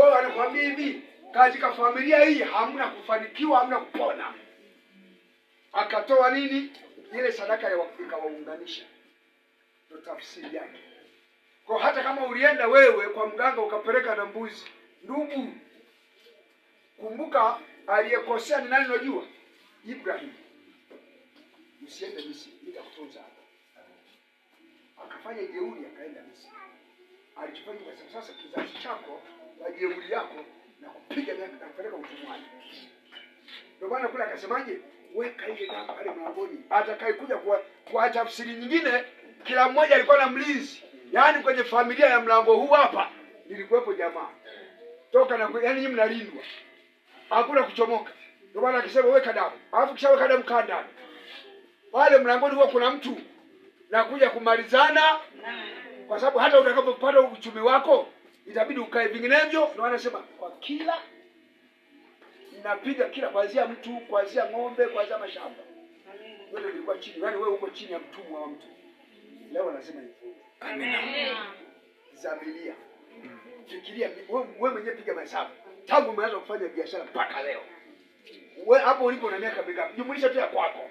Kwa hiyo anakuambia hivi, katika familia hii hamna kufanikiwa, hamna kupona. Akatoa nini? Ile sadaka ikawaunganisha, ndio tafsiri yake. Kwa hata kama ulienda wewe kwa mganga ukapeleka na mbuzi, ndugu, kumbuka aliyekosea ni nani? Unajua Ibrahim, msiende Misri, nitakutunza hapa. Akafanya jeuri, akaenda Misri. Alichofanya sasa, kizazi chako na jeuri yako na kupiga na kupeleka utumwani. Ndio maana kule akasemaje, weka ile namba pale mlangoni, atakayekuja kwa, kwa tafsiri nyingine, kila mmoja alikuwa na mlinzi. Yaani kwenye familia ya mlango huu hapa nilikuwepo jamaa toka na yaani, nyinyi mnalindwa, hakuna kuchomoka. Ndio maana akisema weka damu, alafu kisha weka damu, kaa pale mlangoni, huwa kuna mtu na kuja kumalizana, kwa sababu hata utakapopata uchumi wako itabidi ukae, vinginevyo ndio anasema kwa kila napiga kila, kuanzia mtu, kuanzia ng'ombe, kuanzia mashamba, yote vilikuwa chini. Yaani wewe uko chini ya mtumwa wa mtu. Leo anasema hivyo. Amina. Zamilia. Fikiria wewe mwenyewe, piga mahesabu tangu umeanza kufanya biashara mpaka leo, wewe hapo ulipo na miaka mingapi? Jumulisha tu ya kwako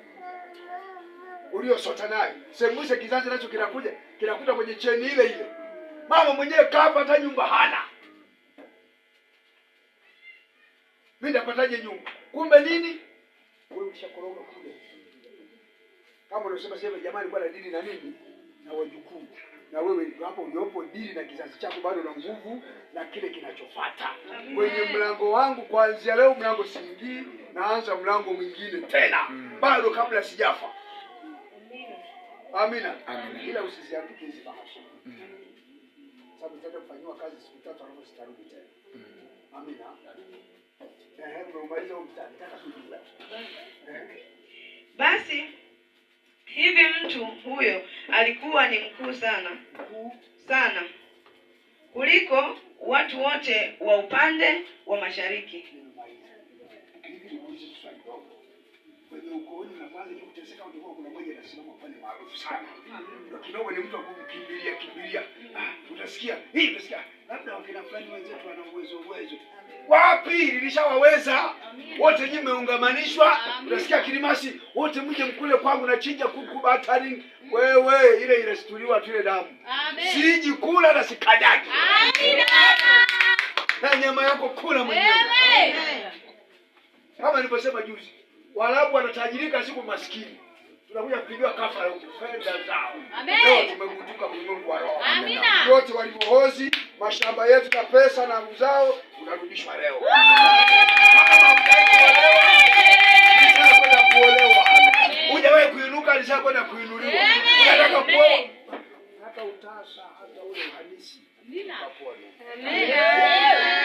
uliosota nayo, sembuse kizazi nacho kinakuja kinakuta kwenye cheni ile ile mama mwenyewe kapa hata nyumba hana, mi ndapataje nyumba? Kumbe nini, wewe ushakoroga kule, kama unasema sema jamani, alikuwa na dili na nini na wajukuu na wewe hapo uliopo dili na kizazi chako bado na nguvu na kile kinachofuata. Kwenye mlango wangu kuanzia leo mlango siingii, naanza mlango mwingine tena mm. bado kabla sijafa. Amina, amina, amina. Ila usiziandike hizi bahasha mm sababu nitaenda kufanyiwa kazi siku tatu, alafu sitarudi tena. Mm. Amina. basi hivi mtu huyo alikuwa ni mkuu sana sana kuliko watu wote wa upande wa mashariki maarufu sana. Kidogo ni mtu wa kukimbilia kimbilia. Ah, utasikia. Hii utasikia. Labda wakina fulani wenzetu wana uwezo uwezo. Wapi? Nilishawaweza. Wote nyinyi mmeungamanishwa. Utasikia Kilimasi, wote mje mkule kwangu na chinja kuku batari. Mm. Wewe ile ile situliwa tu ile damu. Siji kula na sikadaki. Amina. Na nyama yako kula mwenyewe. Kama nilivyosema juzi, Waarabu wanatajirika siku maskini tunakuja kupigiwa kafara ya kupenda zao. Leo tumegutuka ulimwengu wa roho. Amina. Wote waliohozi mashamba yetu na pesa na mzao unarudishwa leo. Kwenda kuolewa. Hujawahi kuinuka alishakwenda kuinuliwa. Unataka kuoa hata utasa hata ule uhalisi. Amina. Amina.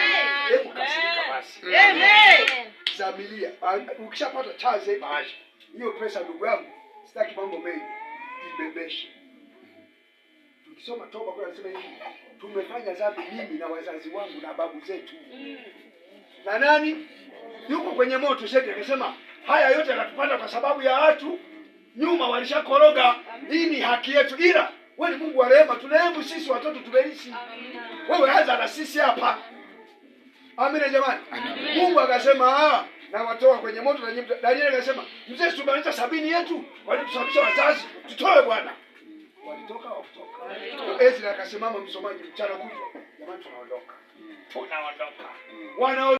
Hebu kashika basi. Amen. Zamilia. Ah, ukishapata chaze basi. Hiyo pesa ndugu yangu sitaki mambo mengi, ibebeshe. Tukisoma toba kwa anasema hivi, tumefanya dhambi mimi na wazazi wangu na babu zetu. Na nani yuko kwenye moto? Shekhe akasema haya yote yanatupata kwa sababu ya watu nyuma walishakoroga. Hii ni haki yetu, ila wewe ni Mungu wa rehema, tunahebu sisi watoto tumeishi. Wewe anza na sisi hapa. Amina jamani, Mungu akasema ah, na watoa kwenye moto na nyimbo. Daniel akasema, mzee, tumeleta sabini yetu walitusababisha wazazi, tutoe Bwana. Walitoka wakutoka. Ezra akasimama msomaji mchana kutwa, jamani, tunaondoka, tunaondoka. Wanao